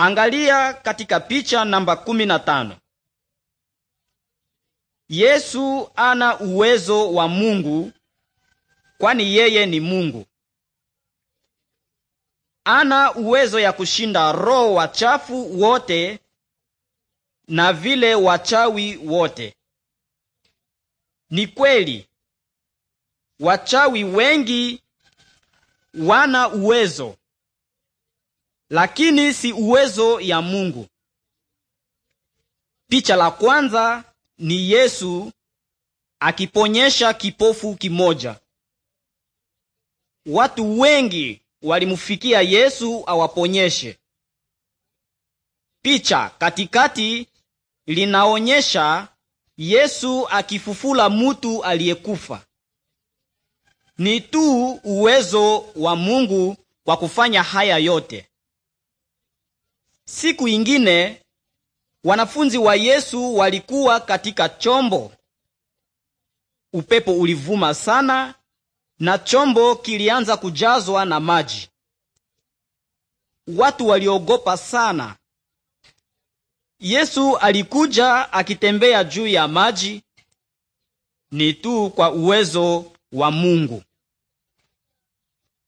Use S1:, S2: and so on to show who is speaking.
S1: Angalia katika picha namba 15. Yesu ana uwezo wa Mungu kwani yeye ni Mungu. Ana uwezo ya kushinda roho wachafu wote na vile wachawi wote. Ni kweli wachawi wengi wana uwezo lakini si uwezo ya Mungu. Picha la kwanza ni Yesu akiponyesha kipofu kimoja. Watu wengi walimfikia Yesu awaponyeshe. Picha katikati linaonyesha Yesu akifufula mutu aliyekufa. Ni tu uwezo wa Mungu kwa kufanya haya yote. Siku ingine wanafunzi wa Yesu walikuwa katika chombo. Upepo ulivuma sana na chombo kilianza kujazwa na maji. Watu waliogopa sana. Yesu alikuja akitembea juu ya maji, ni tu kwa uwezo wa Mungu.